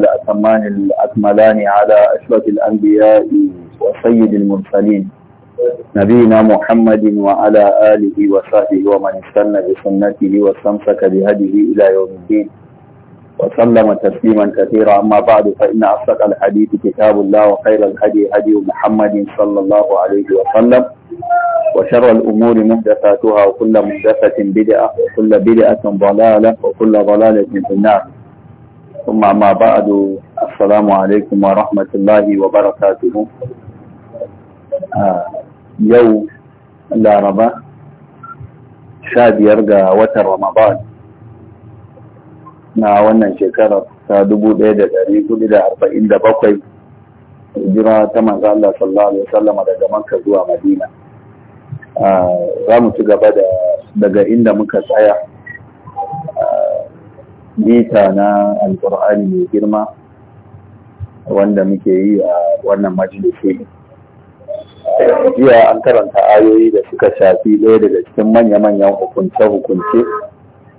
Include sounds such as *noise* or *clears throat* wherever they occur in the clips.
الأتمان الأكملان على أشرف الأنبياء وسيد المرسلين نبينا محمد وعلى آله وصحبه ومن استنى بسنته واستمسك بهديه إلى يوم الدين وسلم تسليما كثيرا أما بعد فإن أصدق الحديث كتاب الله وخير الهدي هدي محمد صلى الله عليه وسلم وشر الأمور محدثاتها وكل محدثة بدعة وكل بدعة ضلالة وكل ضلالة في النار ثم ما بعد السلام عليكم ورحمة الله وبركاته يو sha شاد يرقى وتر رمضان na wannan shekarar ta dubu ɗaya da ɗari hudu da arba'in da bakwai hijira ta manzo Allah sallallahu alaihi wasallam daga Makka zuwa Madina za mu ci gaba daga inda muka tsaya Mita na alkur'ani mai girma wanda muke yi a wannan majalisi jiya an karanta ayoyi da suka shafi ɗaya daga cikin manya-manyan hukunce-hukunce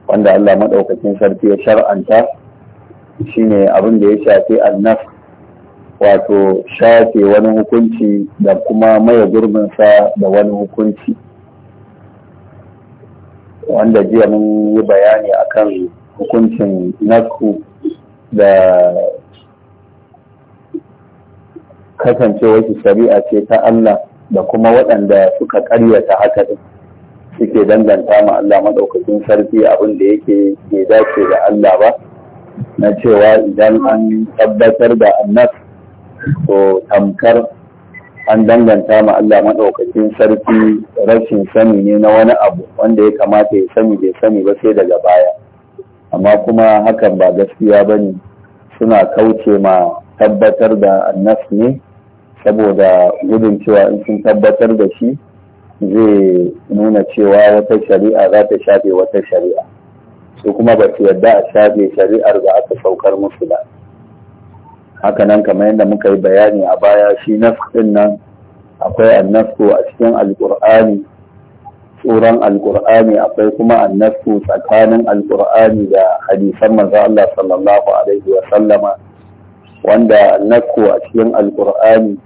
wanda Allah maɗaukacin sarki ya shar'anta shine abin da ya shafi annas wato shafe wani hukunci da kuma maye gurbinsa da wani hukunci wanda jiya mun yi bayani akan hukuncin nasu da kasancewar shari'a ce ta Allah da kuma waɗanda suka ƙaryata haka din suke danganta ma Allah maɗaukakin sarki abin da yake ke dace da Allah ba na cewa idan an tabbatar da annas ko tamkar an danganta ma Allah maɗaukacin sarki rashin sani ne na wani abu wanda ya kamata ya sani bai sani ba sai daga baya amma kuma hakan ba gaskiya ba ne suna kauce ma tabbatar da annas ne saboda gudun cewa in sun tabbatar da shi zai nuna cewa wata shari'a za ta shafe wata shari'a su kuma ba su yadda a shafe shari'ar da aka saukar musu ba hakanan kamar yadda muka yi bayani a baya shi nafs din nan akwai annasku a cikin alkur'ani tsoron alkur'ani akwai kuma annasu tsakanin alkur'ani da hadisan manzo Allah sallallahu alaihi wa sallama wanda annasu a cikin alkur'ani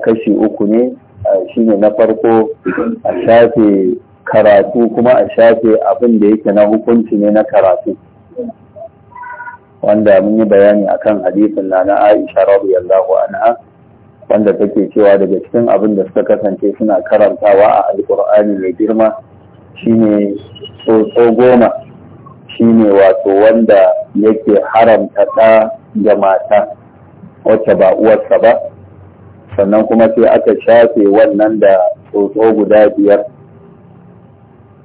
kashi uku ne shine na farko a shafe karatu kuma a shafe abin da yake na hukunci ne na karatu wanda mun yi bayani akan hadisin na na Aisha radiyallahu anha wanda take cewa daga cikin abin da suka kasance suna karantawa a alkur'ani mai girma shine tsotso goma shine wato wanda yake haramta ta ga mata wacce ba uwarsa ba sannan kuma sai aka shafe wannan da tsotso guda biyar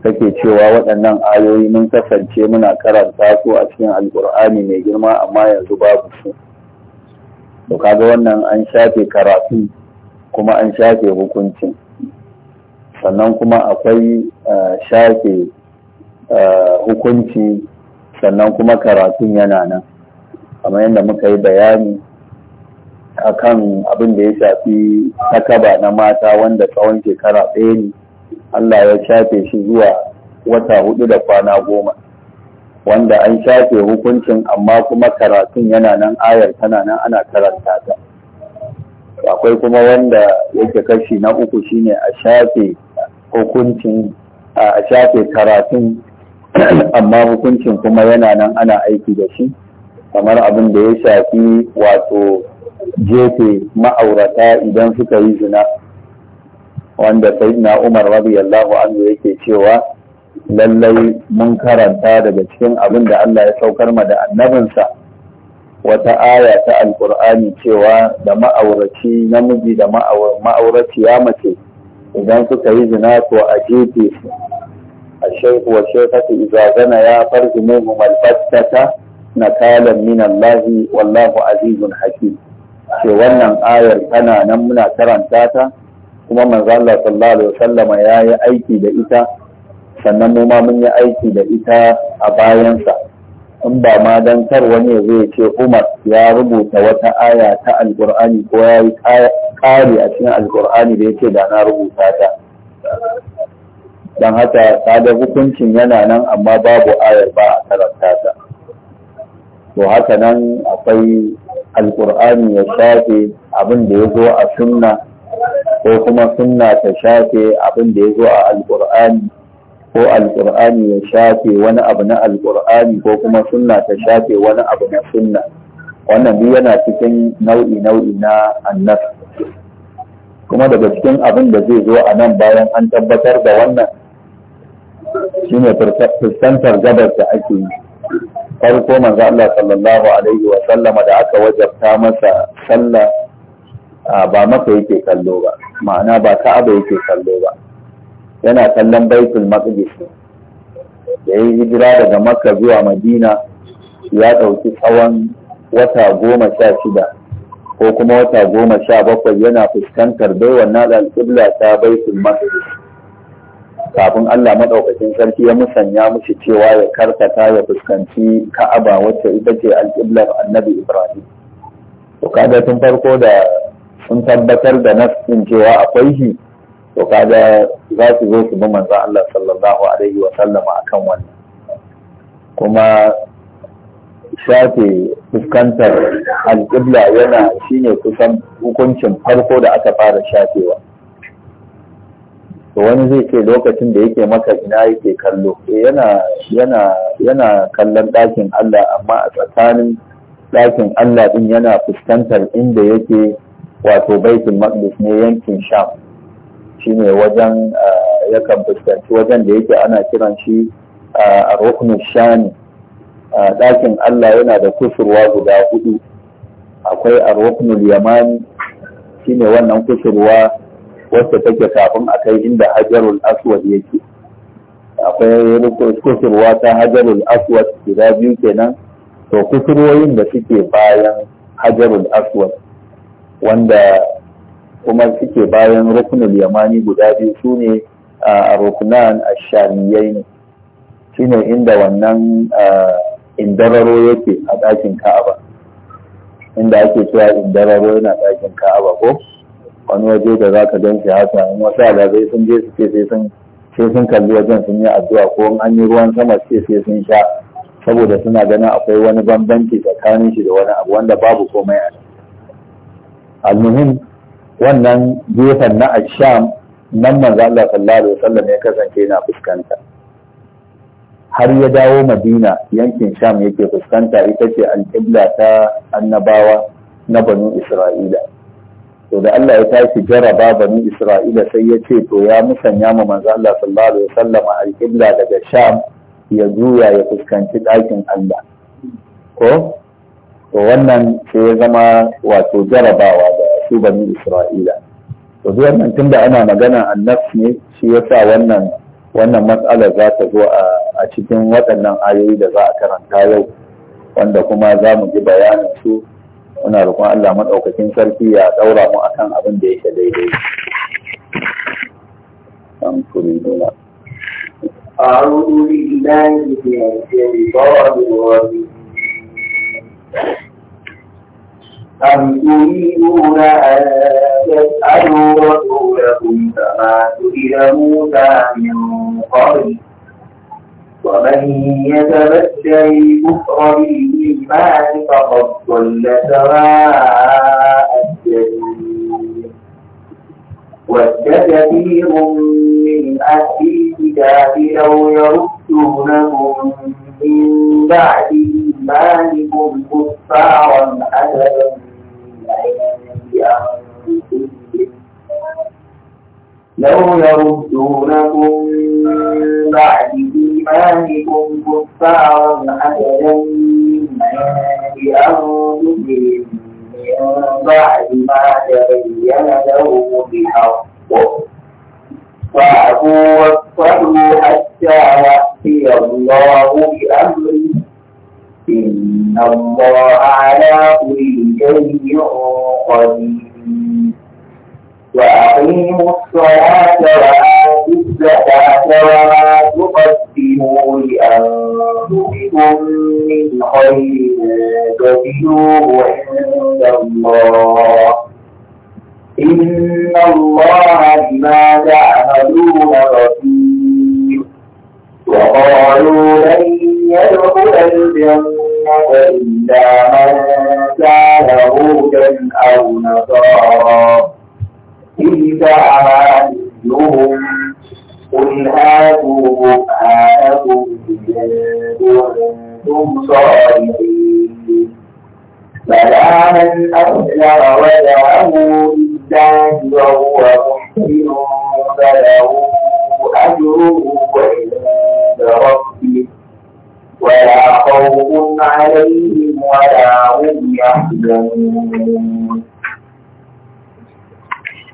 take cewa waɗannan ayoyi mun kasance muna karanta su a cikin alkur'ani mai girma amma yanzu babu su to kaga wannan an shafe karatu kuma an shafe hukuncin sannan kuma akwai eh, shafe eh, hukunci sannan kuma karatun yana nan kamar yadda muka yi bayani akan abin da ya shafi takaba na mata wanda tsawon shekara ɗaya ne Allah ya shafe shi zuwa wata hudu da kwana goma wanda an shafe hukuncin amma kuma karatun yana nan ayar tana nan ana karanta ta akwai kuma wanda yake kashi na uku shine a shafe hukuncin a shafe karatun *clears throat* amma hukuncin kuma yana nan ana aiki da shi kamar abin da ya shafi wato jefe ma'aurata idan suka yi zina wanda sai na Umar radiyallahu anhu yake cewa lallai mun karanta daga cikin abin da Allah ya saukar ma da annabinsa wata aya ta alkur'ani cewa da ma'auraci namiji da ya mace idan suka yi zina to a jefe su a shaikhu wa zana ya farzu minhum alfattata na min Allah wallahu azizun hakim ce wannan ayar tana nan muna karanta ta kuma manzo Allah sallallahu alaihi wasallama yayi aiki da ita sannan mu ma mun yi aiki da ita a bayansa in ba ma dan kar wani ya zai ce Umar ya rubuta wata aya ta alkur'ani ko ya yi ƙari a cikin alkur'ani da ya ce da na rubuta ta don haka kada hukuncin yana nan amma babu ayar ba a karanta ta to haka nan akwai alkur'ani ya shafe abin da ya zo a sunna ko kuma sunna ta shafe abin da ya zo a alkur'ani ko alƙur'ani ya shafe wani abu na alƙur'ani ko kuma sunna ta shafe wani abu na sunna wannan duk yana cikin nau'i nau'i na annas kuma daga cikin abin da zai zo a nan bayan an tabbatar da wannan shine fuskantar gabar da ake yi farko manzo Allah sallallahu alaihi wa sallama da aka wajabta masa sallah ba maka yake kallo ba ma'ana ba ka'aba yake kallo ba yana kallon baitul maqdis da yi hijira daga makka zuwa madina ya ɗauki tsawon wata goma sha shida ko kuma wata goma sha bakwai yana fuskantar bai wannan alƙibla ta baitul maqdis kafin Allah maɗaukacin sarki ya musanya mushi cewa ya karkata ya fuskanci ka'aba wacce ita ce alƙiblar annabi ibrahim to kaga tun farko da sun tabbatar da nasin cewa akwai shi to kaga za su zo su bi manzon Allah sallallahu alaihi wa sallama akan wannan kuma shafe fuskantar alƙibla yana shine kusan hukuncin farko da aka fara shafewa to wani zai ce lokacin da yake maka ina yake kallo eh, yana yana kallon ɗakin Allah amma a tsakanin ɗakin Allah ɗin yana fuskantar inda yake wato baitul maqdis ne yankin sham shine wajen eh, yakan fuskanci wajen da yake ana kiran shi eh, a rukunin shani eh, ɗakin Allah yana da kusurwa guda hudu akwai a rukunin yamani shine wannan kusurwa wacce take kafin a kai inda hajarul aswad yake akwai kusurwa ta hajarul aswad guda biyu kenan to kusurwoyin da suke bayan hajarul aswad wanda kuma suke bayan rukunin yamani guda biyu su ne a rukunan ashariyai ne ne inda wannan indararo yake a ɗakin ka'aba inda ake cewa indararo yana ɗakin ka'aba ko wani waje da za ka gan shi haka in wasu alazai sun je su ce sai sun kalli wajen sun yi addu'a ko in an yi ruwan sama ce sai sun sha saboda suna ganin akwai wani bambanci tsakanin shi da wani abu wanda babu komai a almuhim wannan gefen na asham nan manzo Allah sallallahu alaihi wasallam ya kasance yana fuskanta har ya dawo madina yankin sham yake fuskanta ita ce alƙibla ta annabawa na banu isra'ila to da Allah ya tashi jaraba banu isra'ila sai ya ce to ya musanya ma manzo Allah sallallahu alaihi wasallam daga sham ya juya ya fuskanci ɗakin Allah ko to wannan sai ya zama wato jarabawa da su bani isra'ila to tun wannan da ana magana annafs ne shi yasa wannan wannan matsalar za ta zo a cikin waɗannan ayoyi da za a karanta yau wanda kuma za mu ji bayanin su muna roƙon Allah maɗaukakin sarki ya ɗaura mu akan abin da yake daidai an turi nuna أعوذ بالله من الشيطان الرجيم أم تريدون أن تسألوا رسولكم كما سئل موسى من قبل ومن يتبدل الكفر بالإيمان فقد ضل سواء السبيل ود كثير من أهل الكتاب لو يردونهم من بعد إيمانكم كفارا أبدا لو يردونكم من بعد إيمانكم كفارا حسدا من أنفسهم من بعد ما تبين لهم الحق فاعفوا واصفحوا حتى يأتي الله بأمره إن الله على كل شيء قدير وأقيموا الصلاة وآتوا الزكاة وما تقدموا لأنفسكم من خير تجدوه عند الله إن الله بما تعملون بصير وقالوا لن يدخل الجنة إلا من كان هودا أو نصارى تلك أمانيهم قل هاتوا برهانكم إن كنتم صادقين فلا من أسلم وجهه لله وهو محسن فله أجره عند ربه ولا خوف عليهم ولا هم يحزنون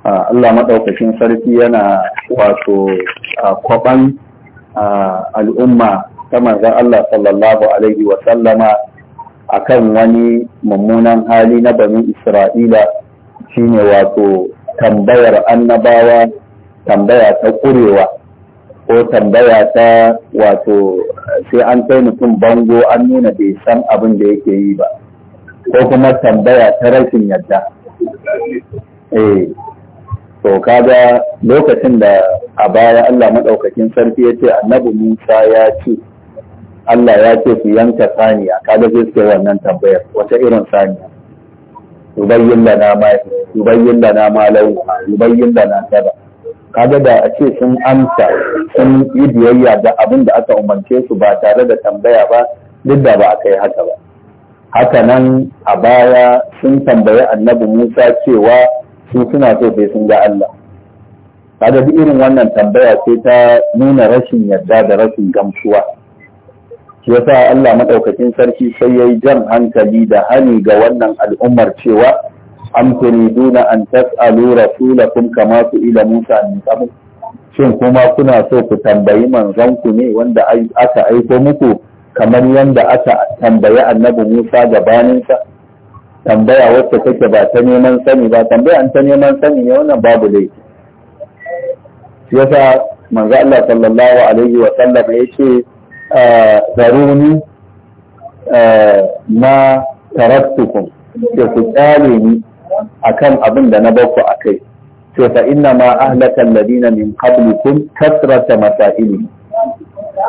Allah maɗaukacin sarki yana wato kwaban al'umma ta mazan Allah sallallahu Alaihi wasallama a kan wani mummunan hali na bani Isra'ila shine wato tambayar annabawa tambaya ta ƙurewa ko tambaya ta wato sai an kai mutum bango an nuna bai san abin da yake yi ba ko kuma tambaya ta rashin yadda eh to kaga lokacin da a baya Allah madaukakin sarki ya ce annabi Musa ya ce Allah ya ce su yanka saniya kaga zai suke wannan tambayar wata irin saniya yubayyin lana ma yubayyin lana ma ubayyin lana kaga da a ce sun amsa sun yi biyayya da abin da aka umarce su ba tare da tambaya ba duk da ba a kai haka ba haka nan a baya sun tambayi annabi musa cewa su suna so sai sun ga allah kaga duk irin wannan tambaya sai ta nuna rashin yarda da rashin gamsuwa shi yasa allah maɗaukacin sarki sai ya yi jan hankali da hani ga wannan al'ummar cewa an turiduna an tas'alu rasulakum kama ila Musa an qabl shin kuma kuna so ku tambayi manzon ku ne wanda aka aiko muku kamar yanda aka tambayi annabi Musa gabanin sa tambaya wacce take ba ta neman sani ba tambaya an ta neman sani ne wannan babu laifi yasa manzo Allah sallallahu alaihi wa sallam yace ah, zaruni ah, ma tarattukum ya ku tsale ni akan abin da na bakku akai to fa inna ma ahlaka alladina min qablikum kasrata masaili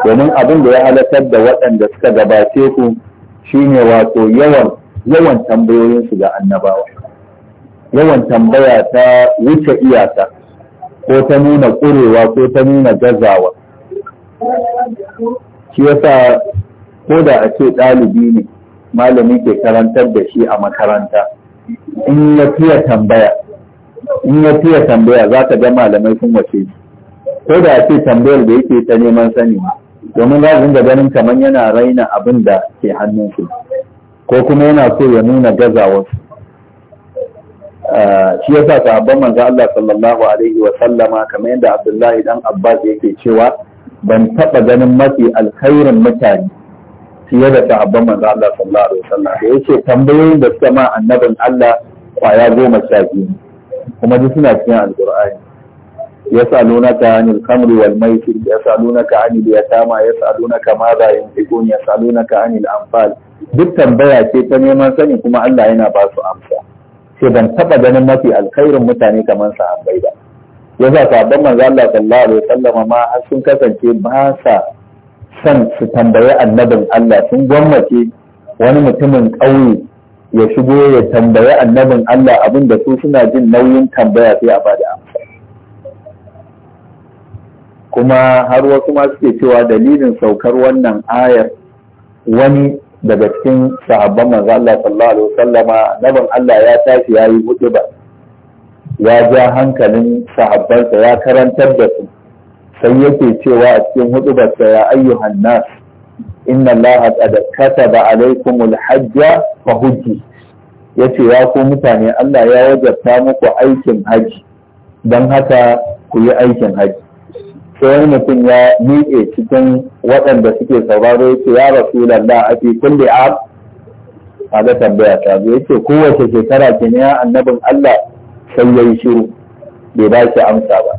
domin abin da ya halakar da waɗanda suka gabace ku shine wato yawan yawan tambayoyin su ga annabawa yawan tambaya ta wuce iyaka ko ta nuna ƙurewa ko ta nuna gazawa shi yasa ko da a ce ɗalibi ne malami ke karantar da shi a makaranta in ya fiya tambaya in za ka ga malamai sun wace ko da ce tambayar da yake ta neman sani domin za su ganin kamar yana raina abin da ke hannun su ko kuma yana so ya nuna gazawasu. Ah, shi ya yasa sahabban manzo Allah sallallahu alaihi wa kamar yadda Abdullahi dan Abbas yake cewa ban taba ganin mafi alkhairin mutane fiye da sahabban manzo Allah sallallahu alaihi wasallam da yace tambayoyin da suka ma annabin Allah kwaya goma sha biyu kuma duk suna cikin alqur'ani yasalunaka anil khamri wal maisir yasalunaka anil yatama yasalunaka madha yunfiqun yasalunaka anil anfal duk tambaya ce ta neman sani kuma Allah yana ba su amsa sai ban taba ganin mafi alkhairin mutane kamar sahabbai ba yasa sahabban manzo Allah sallallahu alaihi wasallam ma har sun kasance ba sa son su tambayi annabin Allah sun gwammace wani mutumin ƙauye ya shigo ya tambayi annabin Allah abin da su suna jin nauyin tambaya sai a bada amsa kuma har wasu ma suke cewa dalilin saukar wannan ayar wani daga cikin sahabban manzo Allah sallallahu alaihi wasallama annabin Allah ya tashi yayi huɗuba, ya ja hankalin sahabbansa ya karantar da su sai yake cewa a cikin hudubarsa ya ayyuhan nas inna allaha qad kataba alaykumul hajja fa hujji yace ya ku mutane Allah ya wajabta muku aikin haji don haka ku yi aikin haji sai wani mutum ya miƙe cikin waɗanda suke sauraro yake ya rasulullah a fi kulli ab kaga tambaya ta yace kowace shekara ke ne annabin Allah sai yayi shiru bai ba shi amsa ba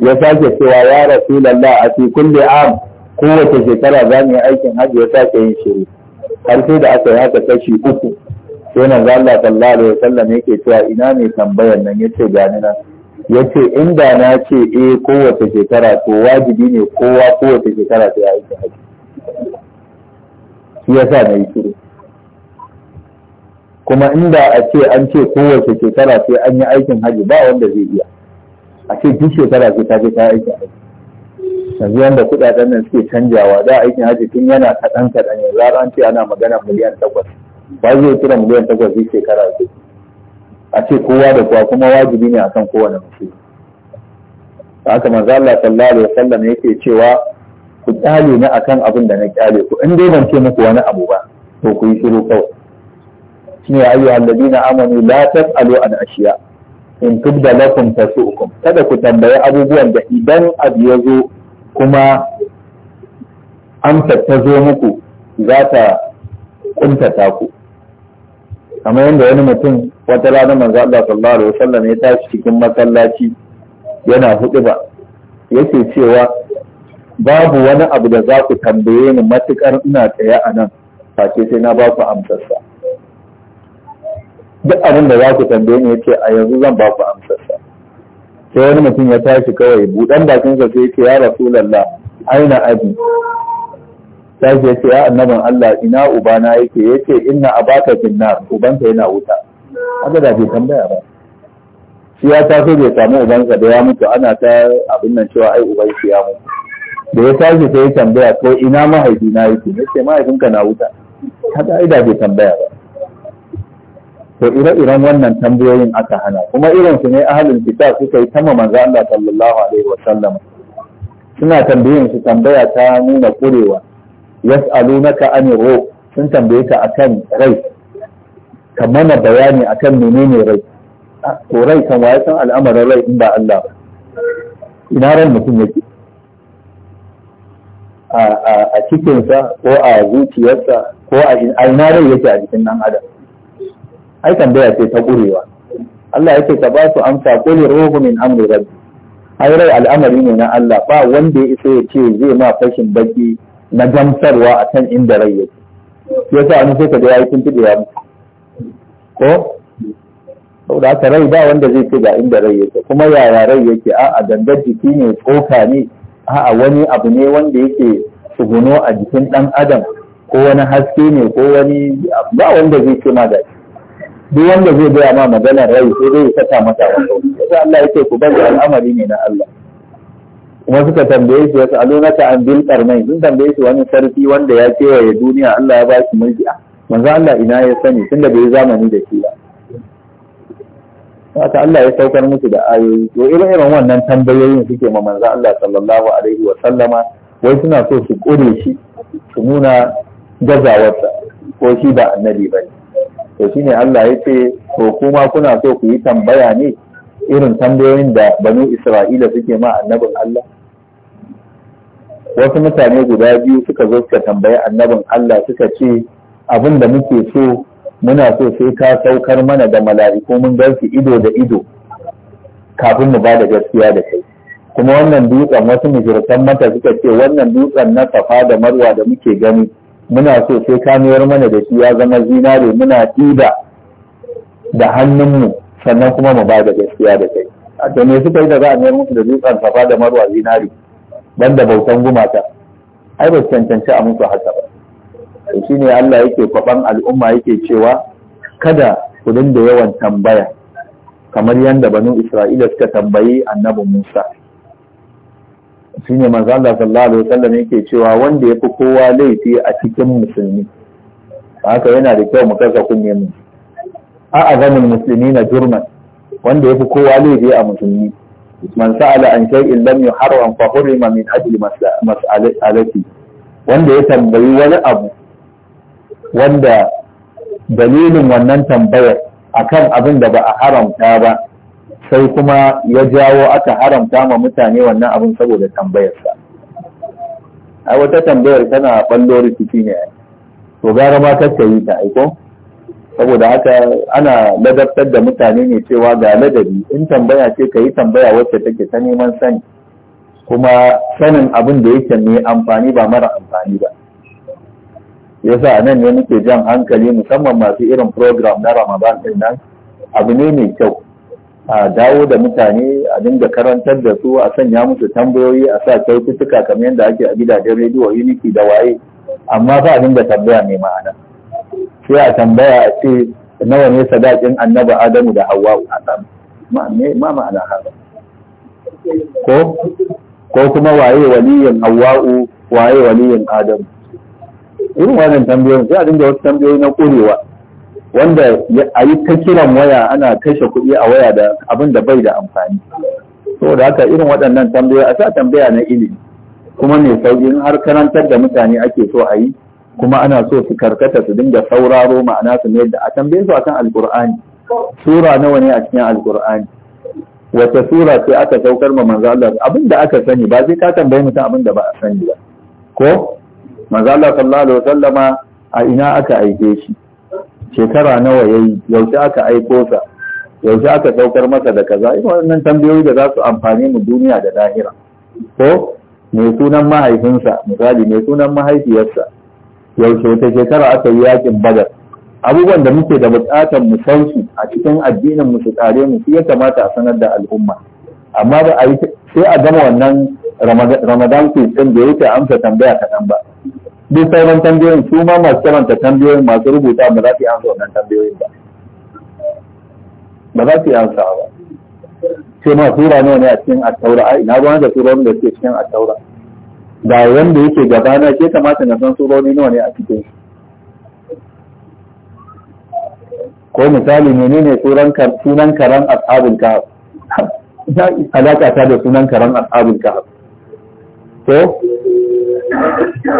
ya sake cewa ya rasu lalla a fi kulli am kowace shekara za mu yi aikin hajji ya sake yin shiru har sai da aka yi haka kashi uku sai nan za Allah sallallahu alaihi wasallam yake cewa ina ne tambayar nan yace gani nan yace inda na ce eh kowace shekara to wajibi ne kowa kowace shekara sai ya aikin hajji shi yasa na yi shiri kuma inda a ce an ce kowace shekara sai an yi aikin hajji ba wanda zai iya a ce duk shekara ce ta je ta aiki haji yanzu yadda kuɗaɗen nan suke canjawa da aikin haji tun yana kaɗan kaɗan yanzu za an ce ana magana miliyan takwas ba zai kira miliyan takwas duk shekara ce a ce kowa da kowa kuma wajibi ne akan kowane mutum haka manzo Allah sallallahu alaihi wasallam yake cewa ku kyale ni akan abin da na kyale ku in dai ban ce muku wani abu ba to ku yi shiru kawai shine ayyuhal ladina amanu la tasalu an ashiya' in tubda lakum tasu'ukum kada ku tambayi abubuwan da idan abu ya zo kuma an ta zo muku za ta kuntata ku kamar yadda wani mutum wata rana manzo Allah sallallahu alaihi wasallam ya tashi cikin masallaci yana hudu ba yake cewa babu wani abu da za ku tambaye ni matukar ina tsaye a nan face sai na ba ku amsarsa duk abin da za ku tambaye ni ce a yanzu zan ba ku amsar sa sai wani mutum ya tashi kawai budan bakin sa sai yace ya rasulullah aina abi sai yace ya annaban Allah ina ubana yake yace inna abaka uban ubanka yana wuta haka da bai tambaya ba shi ya taso bai samu sa da ya mutu ana ta abin nan cewa ai uban shi ya mutu da ya tashi sai ya tambaya ko ina mahaifina yake yace mahaifinka na wuta haka ai da bai tambaya ba to ire-iren wannan tambayoyin aka hana kuma irin su ne ahalin kitab suka yi tamma manzo Allah sallallahu alaihi wa suna tambayin su tambaya ta nuna kurewa yas'alunaka anir ruh sun tambaye ka akan rai ka mana bayani akan menene rai to rai kan waye san al'amarin rai in ba Allah ina ran mutum yake a cikinsa ko a zuciyarsa ko a ina rai yake a jikin nan adam ai tambaya ce ta ƙurewa Allah yake ka ba su amsa qul ruhu min amri rabbi ai rai al'amari ne na Allah ba wanda ya isa ya ce zai ma fashin baki na gamsarwa kan inda rai yake yasa an sai ka ga yayi kin tibe ya ko saboda haka rai ba wanda zai ce ga inda rai yake kuma yaya rai yake a'a dangar jiki ne tsoka ne a'a wani abu ne wanda yake tsuguno a jikin ɗan adam ko wani haske ne ko wani ba wanda zai ce ma gashi duk wanda zai gaya ma maganar rai sai dai ya saka mata wata yasa Allah yake ku bari al'amari ne na Allah kuma suka tambaye shi yasa alunaka an bil qarnain sun tambaye shi wani sarki wanda ya kewaye duniya Allah ya ba shi mulki ah, manzo Allah ina ya sani tunda bai zamani da shi ba haka Allah ya saukar musu da ayoyi to irin irin wannan tambayoyin suke ma manzo Allah sallallahu alaihi wa sallama wai suna so su kore shi su nuna gazawarsa ko shi ba annabi bane to ne Allah ya ce to kuma kuna so ku yi tambaya ne irin tambayoyin da banu Isra'ila suke ma annabin Allah wasu mutane guda biyu suka zo suka tambayi annabin Allah suka ce abin da muke so muna so sai ka saukar mana da mala'iku mun gansu ido da ido kafin mu ba da gaskiya da kai kuma wannan dutsen wasu mujirtan mata suka ce wannan dutsen na safa da marwa da muke gani muna so sai kamiyar mana da shi ya zama zinare muna ɗiba da hannunmu sannan kuma mu ba da gaskiya da kai a da me suka yi da za a mayar musu da dutsen safa da marwa zinare da bautan gumata. ai ba su cancanci a musu haka ba shi ne Allah yake kwaban al'umma yake cewa kada ku dinga yawan tambaya kamar yadda banu Isra'ila suka tambayi annabi Musa shine manzo Allah sallallahu alaihi wasallam yake cewa wanda ya fi kowa laifi a cikin musulmi haka yana da kyau mu kasa kunne mu a azamin musulmi na jurman wanda ya fi kowa laifi a musulmi man sa'ala an shay'in lam yuharram fa hurima min ajli mas'alati wanda ya tambayi wani abu wanda dalilin wannan tambayar akan abin da ba a haramta ba sai kuma ya jawo aka haramta ma mutane wannan abin saboda tambayarsa a wata tambayar tana ballo rikici ne to gara ma ta yi ta aiko saboda haka ana ladabtar da mutane ne cewa ga ladabi in tambaya ce ka yi tambaya wacce take ta neman sani kuma sanin abin da yake ne amfani ba mara amfani ba yasa nan ne muke jan hankali musamman masu irin program na ramadan din nan abu ne mai kyau a dawo da mutane a dinga karantar da su a sanya musu tambayoyi a sa kyaututtuka kamar yadda ake a gidajen rediyo uniki da waye amma ba a dinga tambaya mai ma'ana sai a tambaya a ce nawa ne sadakin annaba adamu da hawa a samu ma ma'ana haka ko ko kuma waye waliyin hawa'u waye waliyin adamu irin wannan tambayoyin sai a dinga wasu tambayoyi na ƙurewa wanda a yi ta kiran waya ana kashe kuɗi a waya da abin da bai da amfani saboda haka irin waɗannan tambaya a sa tambaya na ilimi kuma mai sauƙi har karantar da mutane ake so a yi kuma ana so su karkata su dinga sauraro ma'ana su mayar da a tambaye su akan alƙur'ani sura nawa ne a cikin alƙur'ani wata sura sai aka saukar ma manzo Allah abin da aka sani ba sai ka tambaye mutum abin da ba a sani ba ko manzo Allah sallallahu alaihi wasallama a ina aka aike shi shekara nawa ya yi, yaushe aka aiko sa yaushe aka saukar masa da kaza ina wannan tambayoyi da za su amfane mu duniya da lahira ko mai sunan mahaifinsa misali mai sunan mahaifiyarsa yaushe wata shekara aka yi yakin badar abubuwan da muke da bukatar mu san su a cikin addinin mu su tsare mu shi ya kamata a sanar da al'umma amma ba a yi sai a gama wannan ramadan ku din da yake amsa tambaya kaɗan ba duk sauran tambayoyin su ma masu karanta tambayoyin masu rubuta ba za su yi ansa wannan tambayoyin ba ba za su yi ansa ba ce ma sura nawa ne a cikin attaura ai na gwamnati da surorin da suke cikin attaura da wanda yake gabana ke kamata na san surori nawa ne a cikin ko misali menene sunan karan ashabul kahf *laughs* alaka ta da sunan karan ashabul kahf to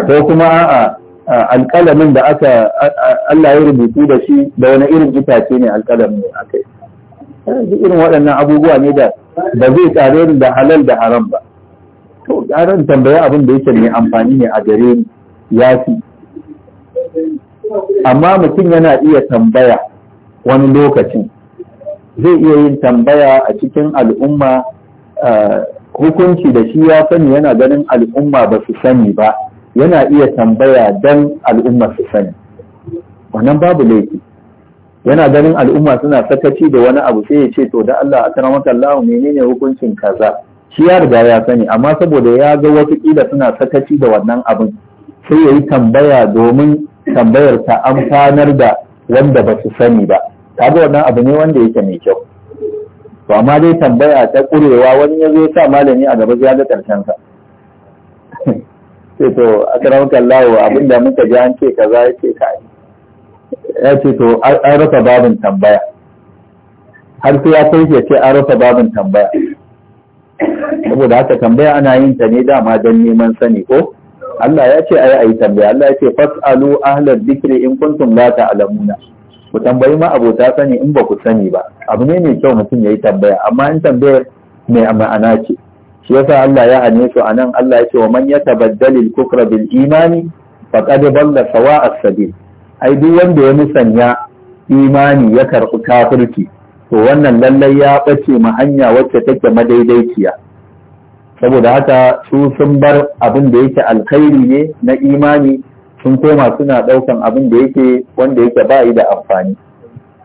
ko kuma a'a alƙalamin da aka Allah ya rubutu da shi da wani irin itace ne alƙalamin ne aka yi irin waɗannan abubuwa ne da ba zai tsare da halal da haram ba to tsarin tambaya abin da yake mai amfani ne a gare ni ya fi amma mutum yana iya tambaya wani lokacin zai iya yin tambaya a cikin al'umma hukunci da shi ya sani yana ganin al'umma ba su sani ba yana iya tambaya dan al'umma su sani wannan babu laifi yana ganin al'umma suna sakaci da wani abu sai ya ce to da Allah akramaka Allah menene hukuncin kaza shi ya riga ya sani amma saboda ya ga wasu kila suna sakaci da wannan abin sai ya yi tambaya domin tambayar ta amfanar da wanda ba su sani ba kaga wannan abu ne wanda yake mai kyau to amma dai tambaya ta kurewa wani ya zo sa malami a gaba ya ga karshen sa sai to akram kallahu abinda muka ji an ce kaza yace kai ya ce to an rasa babin tambaya har sai ya sauke ce an rasa babin tambaya saboda haka tambaya ana yin ta ne dama don neman sani ko Allah ya ce ayi ayi tambaya Allah ya ce fasalu ahlal dhikri in kuntum la ta'lamuna ku tambayi ma abota sani in ba ku sani ba abu ne mai kyau mutum ya yi tambaya amma in tambayar mai ma'ana ce shi yasa Allah ya hane su anan Allah ya ce wa man yatabaddalil kufra bil imani faqad ballasawa sawa'a sabil ai duk wanda ya musanya imani ya karɓi kafirci to wannan lallai ya bace ma hanya wacce take madaidaiciya saboda haka su sun bar abin da yake alkhairi ne na imani sun koma suna ɗaukan abin da yake wanda yake ba da amfani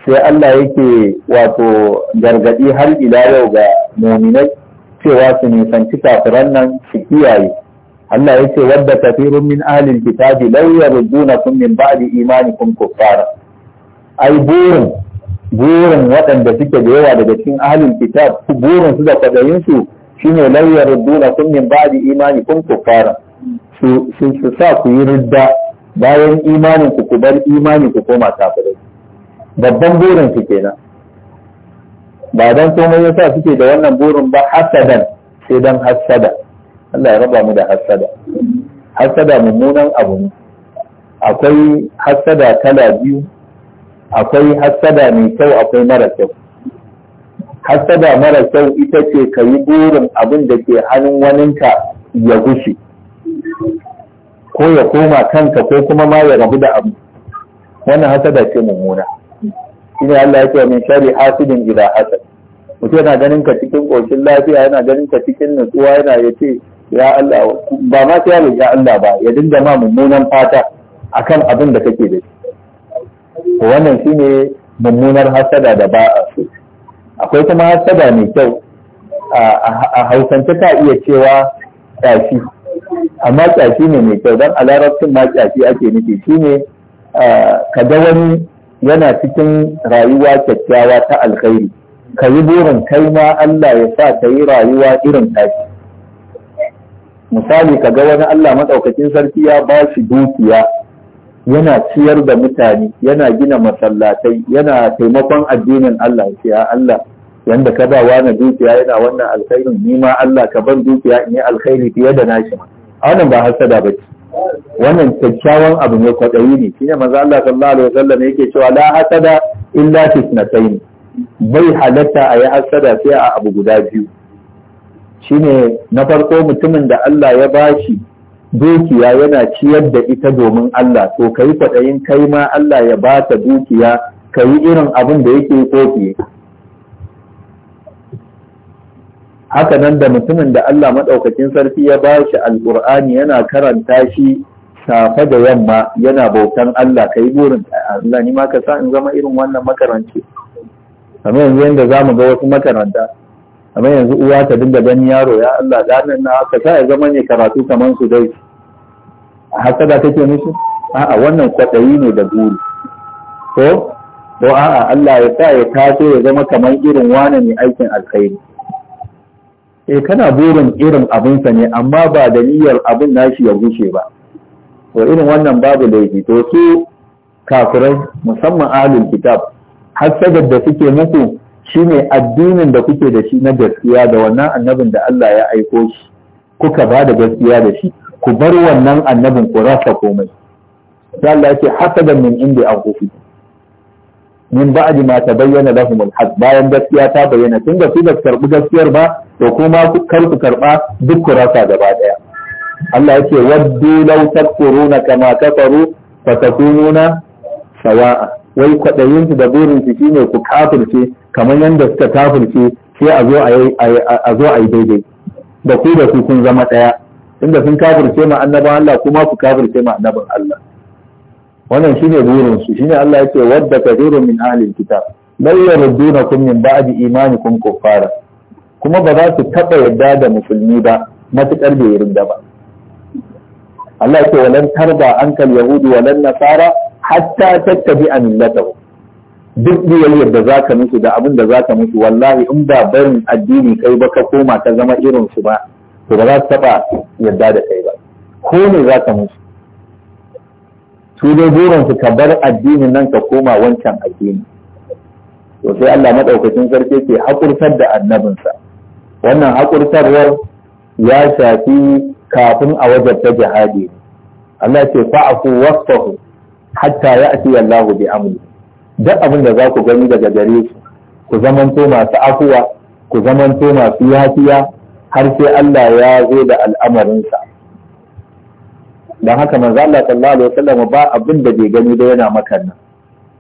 sai Allah yake wato gargadi har ila yau ga muminai cewa su nisanci kafiran nan su kiyaye Allah yake wadda kafirun min ahlil kitabi law yardunakum min ba'di imanikum kuffara ai burin burin waɗanda suke da yawa daga cikin ahlul kitab burin su da kwadayin su shine law yardunakum min ba'di imanikum kuffara su su sa ku yi ridda bayan imanin ku ku bar imanin ku koma kafirai babban burin su kenan ba dan komai yasa suke da wannan burin ba hasadan sai dan hasada Allah ya raba mu da hasada hasada mummunan abu ne akwai hasada kala biyu akwai hasada mai kyau akwai mara kyau hasada mara kyau ita ce ka yi burin abin da ke hannun waninka ya gushe ko ya koma kanka ko kuma ma ya rabu da abu wannan hasada ce mummuna shi ne Allah ya ce min shari hasidin idza hasad mutum yana ganin ka cikin koshin lafiya yana ganin ka cikin nutsuwa yana ya ce ya Allah ba ma sai ya Allah ba ya dinga ma mummunan fata akan abin da kake da shi Wannan wannan shine mummunar hasada da ba a so akwai kuma hasada mai kyau a hausance ta iya cewa tashi amma kyashi ne mai kyau don a larabcin ma kyashi ake nufi shine ka ga wani yana cikin rayuwa kyakkyawa ta alkhairi ka yi burin kai ma Allah ya sa ka yi rayuwa irin tashi misali ka ga wani Allah maɗaukakin sarki ya ba shi dukiya yana ciyar da mutane yana gina masallatai yana taimakon addinin Allah ya Allah yanda ka ba wani dukiya yana wannan alkhairin ni ma Allah ka ban dukiya in yi alkhairi fiye da nashi ma wannan ba hasada ba ce wannan kyakkyawan abu ne kwaɗayi ne shine maza Allah sallallahu alaihi wasallam yake cewa la hasada illa fitnatayn bai halatta a yi hasada sai a abu guda biyu shine na farko mutumin da Allah ya bashi dukiya yana ciyar da ita domin Allah to kai kwaɗayin kai ma Allah ya ba ta dukiya ka yi irin abin da yake ko fiye haka nan da mutumin da Allah maɗaukakin sarki ya ba shi alƙur'ani yana karanta shi safe da yamma yana bautan Allah ka yi burin Allah ni ma ka sa in zama irin wannan makaranci kamar yanzu yadda za mu ga wasu makaranta kamar yanzu uwa ta dinga ganin yaro ya Allah ɗanin na ka sa ya zama ne karatu kamar su dai haka da kake musu a'a wannan kwaɗayi ne da buri ko ko a'a Allah ya sa ya taso ya zama kamar irin wane ne aikin alkhairi eh kana burin irin abinsa ne amma ba da niyyar abin nashi ya rushe ba to irin wannan babu laifi to su kafirai musamman ahlul kitab hasadar da suke muku shine addinin da kuke da shi na gaskiya da wannan annabin da Allah ya aiko shi kuka ba da gaskiya da shi ku bar wannan annabin ku rasa komai sai Allah ce hasadan min inda an kufi min ba'di ma tabayyana lahum al bayan gaskiya ta bayyana tun da su ba karbi gaskiyar ba to kuma kar ku karba duk kurasa gaba daya Allah yake waddu law takfuruna kama kafaru fatakununa sawa'a wai kwadayin su da burin su shine ku kafirce kamar yanda suka kafirce sai a zo a zo daidai da ku da ku kun zama daya tunda sun kafirce ma annaban Allah kuma ku kafirce ma annaban Allah wannan shine burin su shine Allah yake wadda kadirun min ahli kitab law yardunakum min ba'di imanikum kuffara kuma ba za su taba yadda da musulmi ba matukar bai yarda ba Allah yake walan tarba ankal yahudi walan nasara hatta tattabi millatahu duk biyayyar da zaka musu da abin da zaka musu wallahi in ba barin addini kai ba ka koma ka zama irin su ba to ba za su taba yadda da kai ba ko ne zaka musu su dai su ka bar addinin nan ka koma wancan addini to sai Allah madaukakin sarki ke hakurtar da annabinsa wannan hakurtarwar ya shafi kafin a wajabta jihadi Allah ce fa'afu wasfahu hatta ya'ti Allahu bi amri duk abin da za ku gani daga gare su ku zamanto masu afuwa ku zamanto masu yafiya har sai Allah ya zo da al'amarinsa don haka manzo Allah sallallahu alaihi wasallam ba abin da bai gani da yana makanna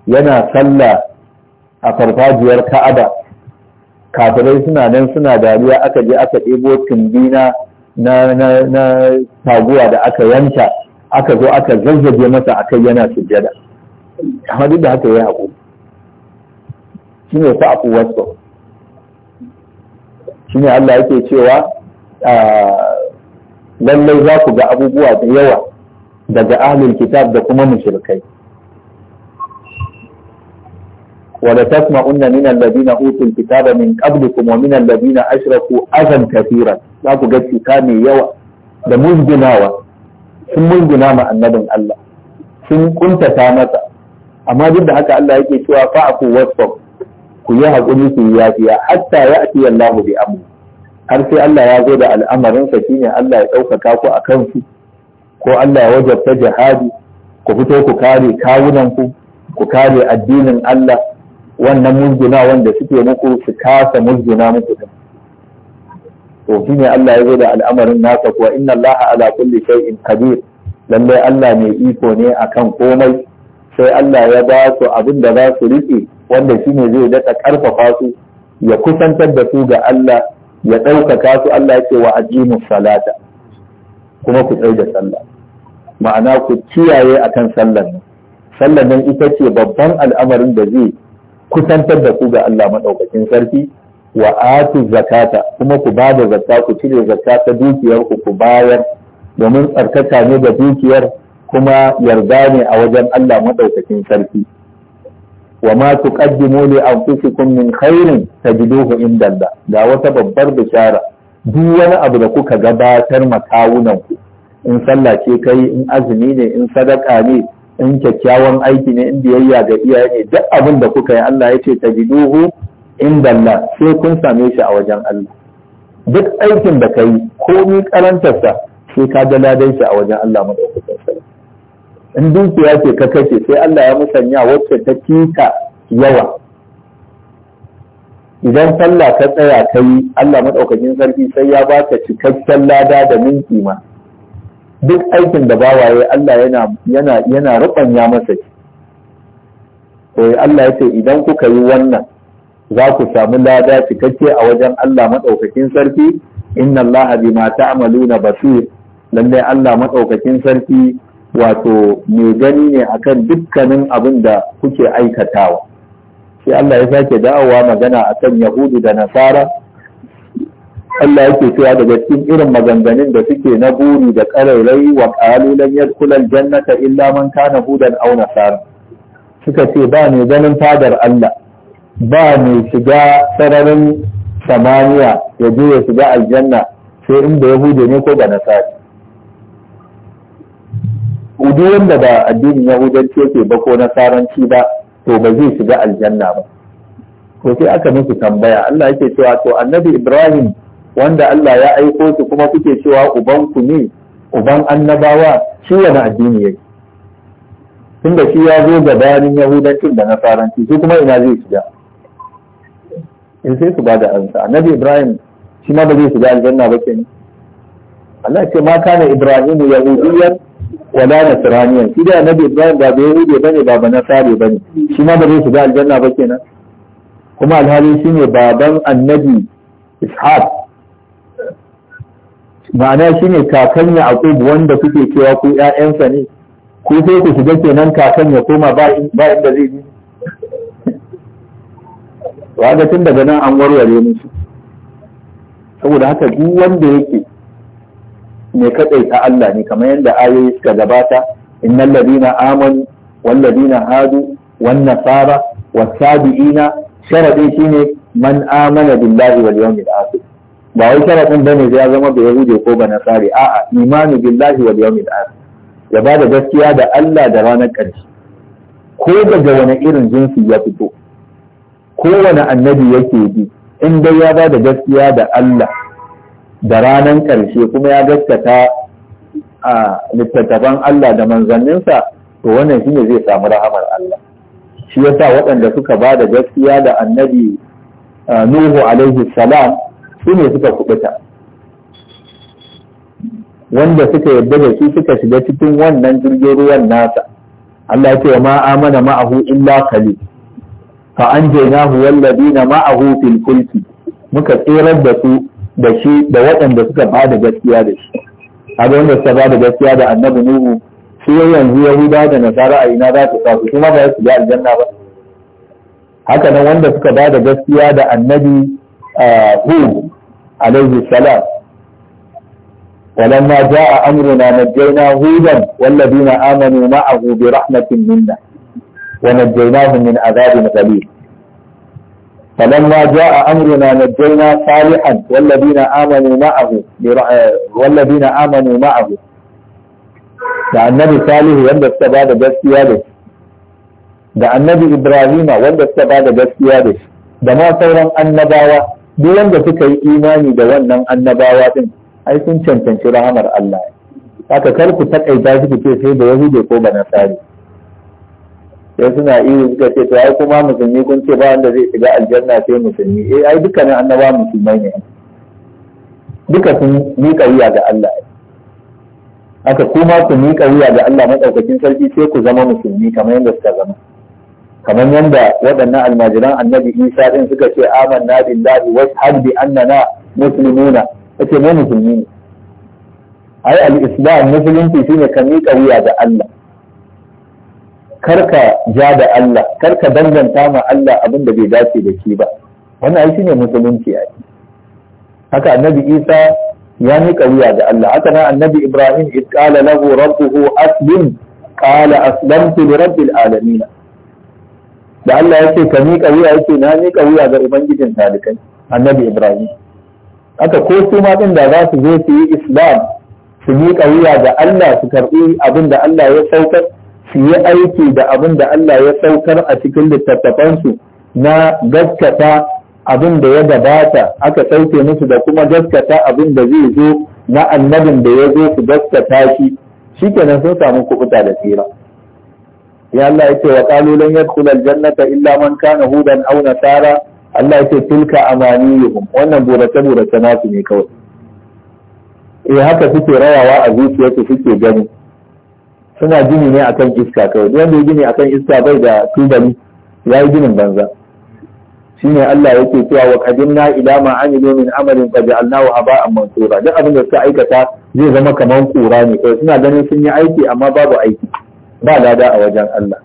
yana sallah a farfajiyar Ka'aba kafirai suna nan suna dariya aka je aka ɗebo tumbina na na na taguwa da aka yanta aka zo aka zazzage masa akai yana sujjada amma duk da haka ya haƙuri shi ne fa abu wasu shi Allah yake cewa ah, lallai za ku ga abubuwa da yawa daga ahlul kitab da kuma mushrikai wala tasma'unna min alladhina utul kitaba min qablikum wa min alladhina ashraku azan kathira za ku ga cuta mai yawa da munginawa sun mungina ma annabin Allah sun kuntata masa amma duk da haka Allah yake cewa fa'afu wasfam ku yi haƙuri ku yi yafiya hatta ya lahudi, Allahu bi har sai Allah ya zo da al'amarin sa shine Allah ya ɗaukaka ku a kansu ko Allah ya wajabta jihadi ku fito ku kare kawunanku ku kare addinin Allah wannan muzguna wanda suke muku su kasa muzguna muku din to shine Allah ya zo da al'amarin nasa kuwa inna Allah ala kulli shay'in qadir lallai Allah mai iko ne akan komai sai Allah ya ba su abin da za su riƙe wanda shi ne zai daɗa ƙarfafa su ya kusantar da su ga Allah ya ɗaukaka su Allah ce wa ajimu salata kuma ku tsaye da sallah ma'ana ku kiyaye kan sallar nan sallar nan ita ce babban al'amarin da zai kusantar da ku ga Allah maɗaukakin sarki wa atu zakata kuma ku ba da zakka ku cire zakka ta dukiyar ku ku bayar domin tsarkaka ne da dukiyar kuma yarda ne a wajen Allah maɗaukakin sarki wa ma tuqaddimu li anfusikum min khairin tajiduhu indallah ga wata babbar bishara duk wani abu da kuka gabatar makawunan ku in sallah ce kai in azumi ne in sadaka ne in kyakkyawan aiki ne in biyayya ga iyaye ne duk abin da kuka yi Allah ya ce tajiduhu inda Allah sai kun same shi a wajen Allah duk aikin da kai ni karantarsa sai ka da ladan shi a wajen Allah madaukakin sarki in dukiya ce ka kashe sai Allah ya musanya wacce ta kika yawa idan sallah ka tsaya kai Allah madaukakin sarki sai ya baka cikakken lada da minti ma duk aikin da bawaye Allah yana yana yana rubanya masa to Allah yace idan kuka yi wannan za ku samu lada cikakke a wajen Allah madaukakin sarki inna Allah bima ta'maluna basir lalle Allah madaukakin sarki wato mai gani ne akan dukkanin abin da kuke aikatawa sai Allah ya sake da'awa magana akan Yahudu da Nasara Allah yake cewa daga cikin irin maganganun da suke na buri da ƙarairai wa ƙalu lan yadkhulal jannata illa man kana hudan aw nasara suka ce ba mai ganin fadar Allah ba shiga sararin samaniya ya je ya shiga aljanna sai inda yahude ne ko ga nasara duk wanda ba addinin yahudanci yake ba ko nasaranci ba to ba zai shiga aljanna ba ko sai aka musu tambaya Allah yake cewa to annabi Ibrahim wanda Allah ya aiko su kuma kuke cewa uban ku ne uban annabawa shi wani addini yake tunda shi ya zo gabanin yahudancin da nasaranci shi kuma ina zai shiga in sai su bada ansa annabi ibrahim shi ma ba zai shiga aljanna ba kenan Allah ce ma kana ibrahim yahudiyyan wala nasraniyan shi da annabi ibrahim ba yahudi bane ba ba nasare bane shi ma ba zai shiga aljanna ba kenan kuma alhali shine baban annabi ishaq ma'ana shi shine kakan Yaqub wanda kuke cewa ku ƴaƴansa ne ko sai ku shiga kenan kakan ya koma ba inda zai Ba *laughs* ga tun daga nan an warware musu saboda haka duk wanda yake mai ta Allah ne kamar yadda ayoyi suka gabata innan ladina amanu wal hadu wan nasara was sabiina shi shine man amana billahi wal yawmil akhir ba wai sharadin bane ya zama da yahudi ko ba tsari? a'a imanu billahi wal yawmil akhir ya ba da gaskiya da Allah da ranar ƙarshe ko daga wani irin jinsi ya fito ko wani annabi yake bi in dai ya ba da gaskiya da Allah da ranar ƙarshe kuma ya gaskata a littattafan Allah da manzanninsa to wannan shine zai samu rahamar Allah shi yasa waɗanda suka ba da gaskiya da annabi Nuhu alaihi salam su ne suka kubuta wanda suka yarda da shi suka shiga cikin wannan jirgin ruwan nasa Allah ya ce wa ma amana ma'ahu illa kali fa an je na anjaynahu na ma'ahu fil kulki muka tsirar da su da shi da waɗanda suka da gaskiya da shi Haka wanda suka ba da gaskiya da annabi nuhu shi yanzu yahuda da nasara a ina za su sa su kuma ba su ga aljanna ba haka nan wanda suka ba da gaskiya da annabi ah, hu عليه السلام ولما جاء أمرنا نجينا هودا والذين آمنوا معه برحمة منا ونجيناهم من عذاب غليظ فلما جاء أمرنا نجينا صالحا والذين آمنوا معه والذين آمنوا معه da annabi salihu wanda suka ba da gaskiya da shi da annabi ibrahima wanda suka ba da gaskiya da da ma sauran annabawa duk wanda suka yi imani da wannan annabawa din ai sun cancanci rahamar Allah haka kar ku takaita shi ku ce sai da da ko ba tsari. sai suna iya suka ce to ai kuma musulmi kun ce ba wanda zai shiga aljanna sai musulmi eh ai dukkanin annabawa musulmai ne duka sun miƙa wuya ga Allah haka kuma ku miƙa wuya ga Allah madaukakin sarki sai ku zama musulmi kamar yadda suka zama kamar yadda waɗannan almajiran annabi isa ɗin suka ce amanna billahi wa shahadu annana muslimuna yace mu musulmi ne ai al-islam musulunci shine ka miƙa wuya ga Allah karka ja da Allah karka danganta ma Allah abin da bai dace da shi ba wannan ai shine musulunci ai haka annabi Isa ya miƙa wuya ga Allah haka nan annabi Ibrahim iz qala lahu rabbuhu aslim qala aslamtu li rabbil alamin da Allah ya ce ka miƙa wuya ya ce na miƙa wuya ga ubangijin talikai annabi ibrahim Aka ko su ma din da za su zo su yi islam su miƙa wuya ga Allah su karɓi abin da Allah ya saukar su yi aiki da abin da Allah ya saukar a cikin littattafansu na gaskata abin da ya gabata aka sauke musu da kuma gaskata abin da zai zo na annabin da ya zo su gaskata shi shikenan sun samu kuɓuta da tsira. ya Allah yake wa qalu lan yadkhul aljannata illa man kana hudan aw nasara Allah ce tilka amaniyuhum wannan burace burace nasu ne kawai eh haka suke rayawa a zuciyarsu suke gani suna gini ne akan iska kawai duk wanda ya gini akan iska bai da tubali ya yi ginin banza shine Allah yake cewa wa qadimna ila ma amilu min amalin fa haba'an mansura duk abin da suka aikata zai zama kamar kura ne kawai suna ganin sun yi aiki amma babu aiki ba lada a wajen Allah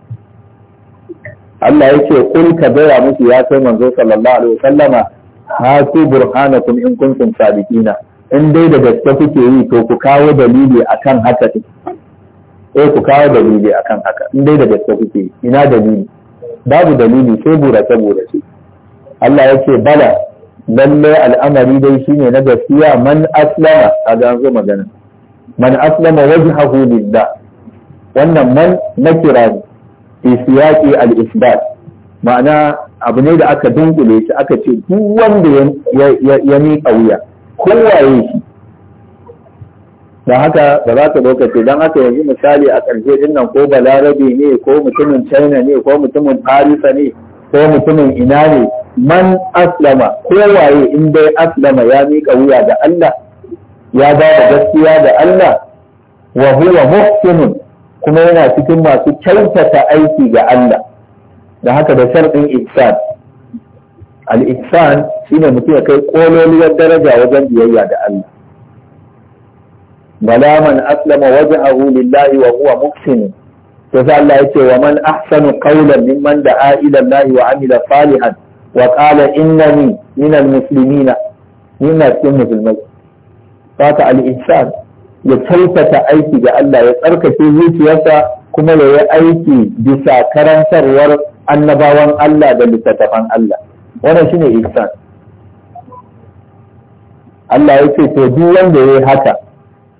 Allah yake kun ka bera musu ya kai manzo sallallahu alaihi wasallama hatu burhanakum in kuntum sadiqina in dai da gaske kuke yi to ku kawo dalili akan haka eh ku kawo dalili akan haka in dai da gaske kuke yi ina dalili babu dalili sai burace burace Allah ya ce bala lalle al'amari dai shine na gaskiya man aslama a ganzo magana man aslama wajhahu lillah wannan man na ne isiyaki al-isbat ma'ana abu ne da aka dunkule shi aka ce duk wanda ya miƙa wuya kowaye shi da haka ba za ka lokaci don haka yanzu misali a ƙarshe din nan ko balarabe ne ko mutumin china ne ko mutumin farisa ne ko mutumin ina ne man aslama kowaye in dai aslama ya miƙa wuya da allah ya ba da gaskiya da allah wa huwa muhsinun kuma yana cikin masu kyautata aiki ga Allah da haka da sharɗin ihsan al-ihsan shine mutum ya kai kololiyar daraja wajen biyayya da Allah bala man aslama wajhahu lillahi wa huwa muhsin to sai Allah yace wa man ahsanu qawlan mimman da'a ila Allah wa amila salihan wa qala innani minal muslimina cikin musulmai haka al-ihsan ya kyautata aiki ga Allah ya tsarkake zuciyarsa kuma ya yi aiki bisa karantarwar annabawan Allah da littattafan Allah wannan shine ihsan Allah ya ce to duk wanda ya yi haka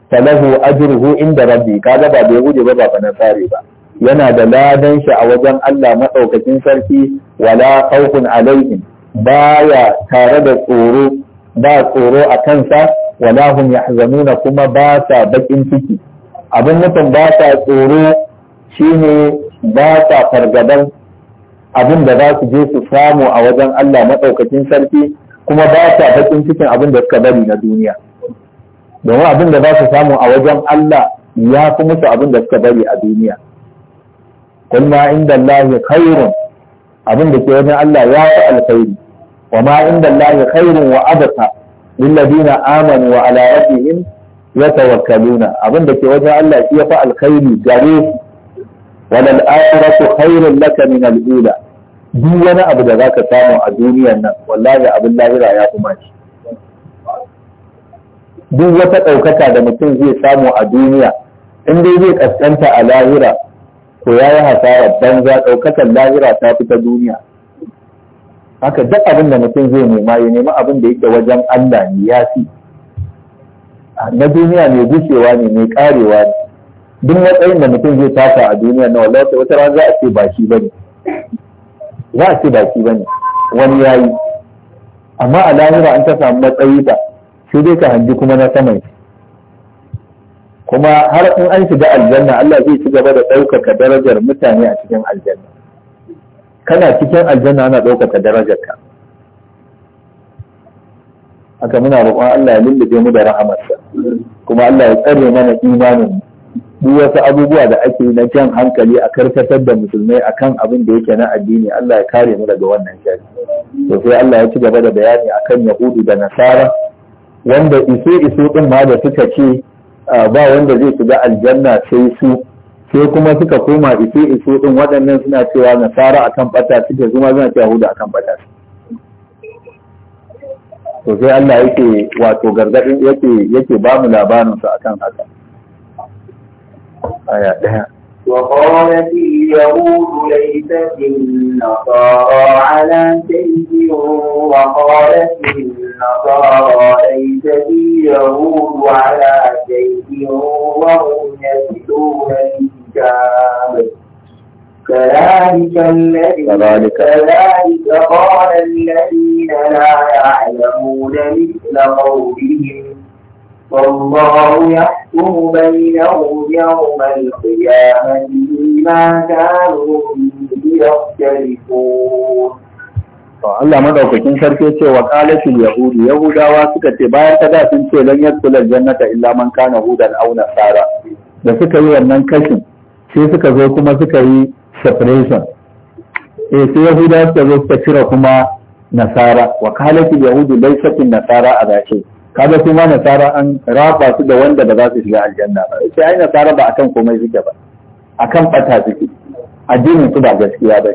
falahu ajruhu inda rabbi kaga ba bai guje ba ba na tsare ba yana da ladan shi a wajen Allah madaukakin sarki wala khawfun alaihim baya tare da tsoro ba tsoro a kansa wala hum yahzanuna kuma ba sa bakin ciki abin mutum ba sa tsoro shine ba sa fargaban abin da za su je su samu a wajen Allah maɗaukacin sarki kuma ba sa bakin cikin abin da suka bari na duniya domin abin da za su samu a wajen Allah ya fi musu abin da suka bari a duniya kun inda Allah ya abin da ke wajen Allah ya fi alkhairi wa ma inda Allah khairun wa abasa lilladina amanu wa ala rabbihim yatawakkaluna abin da ke wajen Allah shi yafi alkhairi gare su walal akhiratu khairun laka min al wani abu da zaka samu a duniyar nan wallahi abin lahira ya kuma shi duk wata ɗaukaka da mutum zai samu a duniya in dai zai kaskanta a lahira ko ya yi hasara banza ɗaukakar lahira ta fi ta duniya haka duk abin da mutum zai nema ya nema abin da yake wajen Allah ne ya fi na duniya mai gushewa ne mai karewa ne duk matsayin da mutum zai taka a duniya na wallahi wata rana za a ce ba bane za a ce ba shi bane wani yayi amma a lahira an ta samu matsayi ba sai dai ka hanji kuma na saman shi kuma har in an shiga aljanna Allah zai ci gaba da ɗaukaka darajar mutane a cikin aljanna kana cikin aljanna ana ɗaukaka darajarka haka muna roƙon Allah ya lullube mu da rahamarsa kuma Allah ya tsare mana imanin duk wasu abubuwa da ake na jan hankali a karkatar da musulmai akan abin da yake na addini Allah ya kare mu daga wannan shari to sai Allah ya ci gaba da bayani akan yahudu da nasara wanda iso iso din ma da suka ce ba wanda zai shiga aljanna sai su sai kuma suka koma isu isu din waɗannan suna cewa nasara akan bata suke zuma, suna cewa hudu akan bata to sai Allah yake wato gargadin yake yake ba mu labarin su akan haka aya daya وقالت اليهود ليست النصارى على شيء وقالت النصارى ليست اليهود على شيء وهم يسلون كامل كذلك الذي كذلك كذلك قال الذين لا يعلمون مثل قولهم والله يحكم بينهم يوم القيامة فيما كانوا فيه يختلفون Allah madaukakin sarki ce wa qalatul yahud yahudawa suka ce bayan ta da sun ce lan yadkhulul jannata illa man kana hudan aw nasara da suka yi wannan kashin sai suka zo kuma suka yi separation eh sai yahuda suka zo suka cire kuma nasara wa kalati yahudu laysatin nasara a zace kaga su ma nasara an raba su da wanda ba za su shiga aljanna ba sai ai nasara ba akan komai suke ba akan bata suke addinin su ba gaskiya ba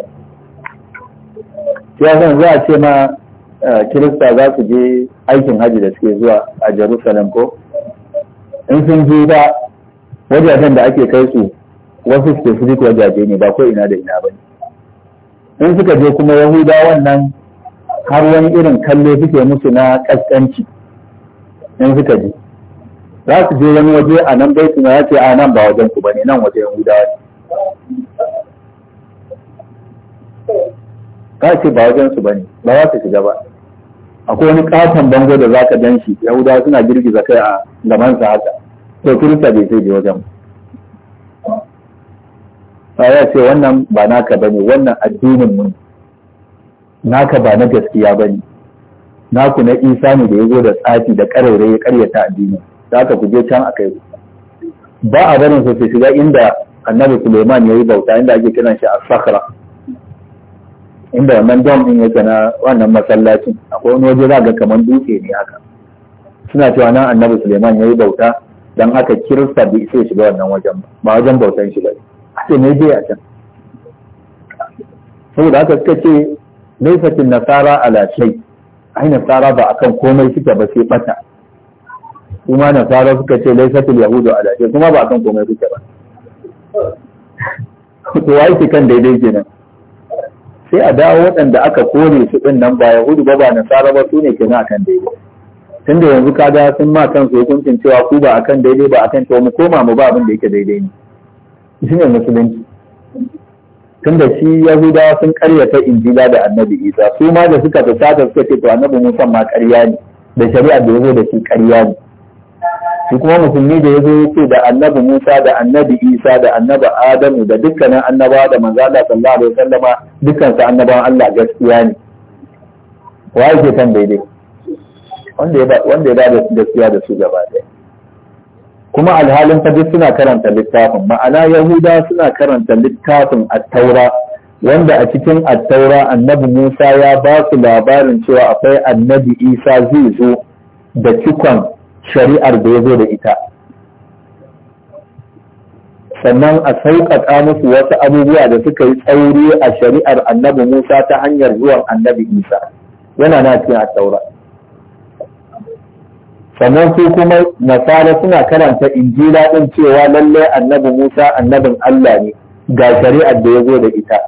ya san za a ce ma eh, kirista za su je aikin hajji da suke zuwa a jerusalem ko in sun je ba wajajen da ake kai su wasu specific wajaje ne ba ko ina da ina ba in suka je kuma yahuda wannan har wani irin kallo suke musu na kaskanci in suka je za su je wani waje a nan bai suna ce a nan ba wajen ku bane nan waje yahudawa ne ka ce ba wajen su bane ba za su shiga ba akwai wani katon bango da za ka gan shi yahudawa suna girgiza kai a gaban sa haka to kirista bai sai je wajen ba ba ya ce wannan ba naka bane wannan addinin mu naka ba na gaskiya bane naku na isa ne da ya zo da tsafi da karere ya karyata addinin da aka ku can a kai ba a barin su su shiga inda annabi suleiman ya yi bauta inda ake kiran shi a sakra inda wannan dom din yake na wannan masallacin akwai wani waje za ga kamar dutse ne haka suna cewa nan annabi suleiman ya yi bauta dan haka kirista bai sai shiga wannan wajen ba wajen bautan shi ba ce mai biya can saboda haka suka ce laifatin nasara a shai ai nasara ba akan komai suka ba sai bata kuma nasara suka ce laifatul yahudu a shai kuma ba akan komai suka ba to wai ke kan daidai kenan sai a dawo waɗanda aka kore su ɗin nan ba yahudu ba ba nasara ba su ne na akan daidai tunda yanzu kaga sun ma kansu hukuncin cewa ku ba akan daidai ba akan to mu koma mu ba abin da yake daidai ne shi ne musulunci tunda shi yahudawa sun karyata injila da annabi isa su ma da suka fusata suka ce to annabi musa ma karya ne da shari'ar da yazo da shi karya ne shi kuma musulmi da yazo yace da annabi musa da annabi isa da annabi adamu da dukkanin annabawa da manzo Allah sallallahu alaihi wasallama dukkan su annabawan Allah gaskiya ne wa yake kan daidai wanda ya ba da gaskiya da su gaba ɗaya kuma alhalin fa duk suna karanta littafin ma'ana yahuda suna karanta littafin attaura wanda a cikin attaura annabi musa ya ba su labarin cewa akwai annabi isa zai zo da cikon shari'ar da ya zo da ita sannan a sauƙaƙa musu wasu abubuwa da suka yi tsauri a shari'ar annabi musa ta hanyar zuwan annabi isa yana na cikin attaura sannan su kuma nasara suna karanta injila ɗin cewa lalle annabi musa annabin allah ne ga shari'ar da ya zo da ita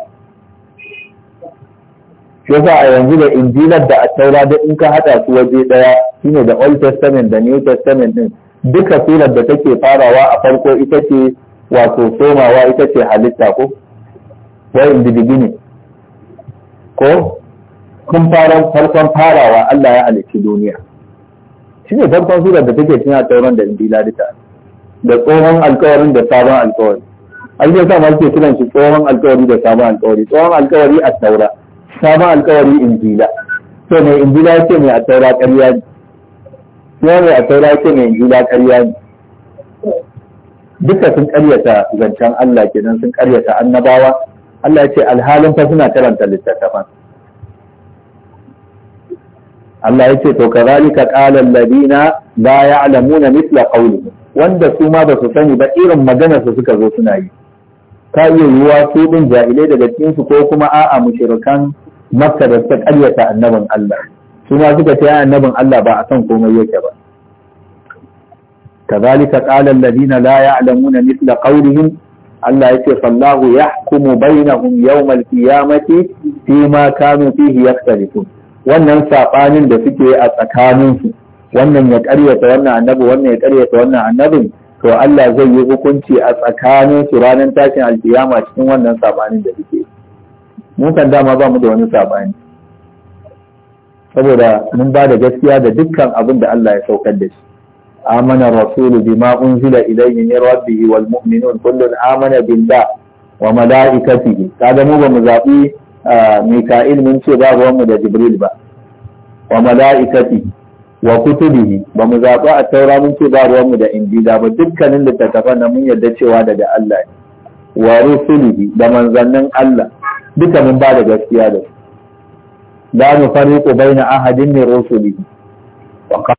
yasa a yanzu da injilar da a taura da in ka haɗa su waje ɗaya shine da old testament da new testament ɗin, duka sunan da take farawa a farko ita ce wato somawa ita ce halitta ko wai in the ne, ko kun fara farkon farawa Allah ya halicci duniya shi ne farkon sura da take cikin alƙawarin da injila duka da tsohon alƙawarin da sabon alkawari ai sa ma ke kiran shi tsohon alkawari da sabon alkawari tsohon alkawari a taura sabon alƙawari injila to mai injila ya ce mai a taura ƙarya ne kuma mai a taura ya mai injila ƙarya ne duka sun ƙaryata zancen Allah kenan sun ƙaryata annabawa Allah ya ce alhalin fa suna karanta littattafan Allah yace to kazalika qala alladina la ya'lamuna mithla qawli wanda su ma basu sani ba irin maganar su suka zo suna yi ka iya yiwuwa su ɗin jahilai daga cikin su ko kuma a'a mushrikan makka da suka ƙaryata annabin Allah su ma suka ce annabin Allah ba a san komai yake ba kazalika qala alladina la ya'lamuna mithla qawlihim Allah yace fallahu yahkumu bainahum yawmal qiyamati fima kanu fihi yaktalifun wannan saɓanin da suke a tsakaninsu wannan ya ƙaryata wannan annabi wannan ya ƙaryata wannan annabin to Allah zai yi hukunci a tsakanin su ranar tashin alkiyama cikin wannan saɓanin da suke mun kan dama ba mu da wani saɓani. saboda mun ba da gaskiya da dukkan abin da Allah ya saukar da shi amana rasulu bima unzila ilayhi min rabbihi wal mu'minun kullun amana billah wa malaikatihi kaga ba mu mika'il mun ce babu wanmu da jibril ba wa mala'ikati wa kutubihi ba mu zaɓa a taura mun ce babu wanmu da injila ba dukkanin littattafan na mun yarda cewa daga Allah ne wa rusulihi da manzannin Allah duka mun ba da gaskiya da su la bai baina ahadin min rusulihi wa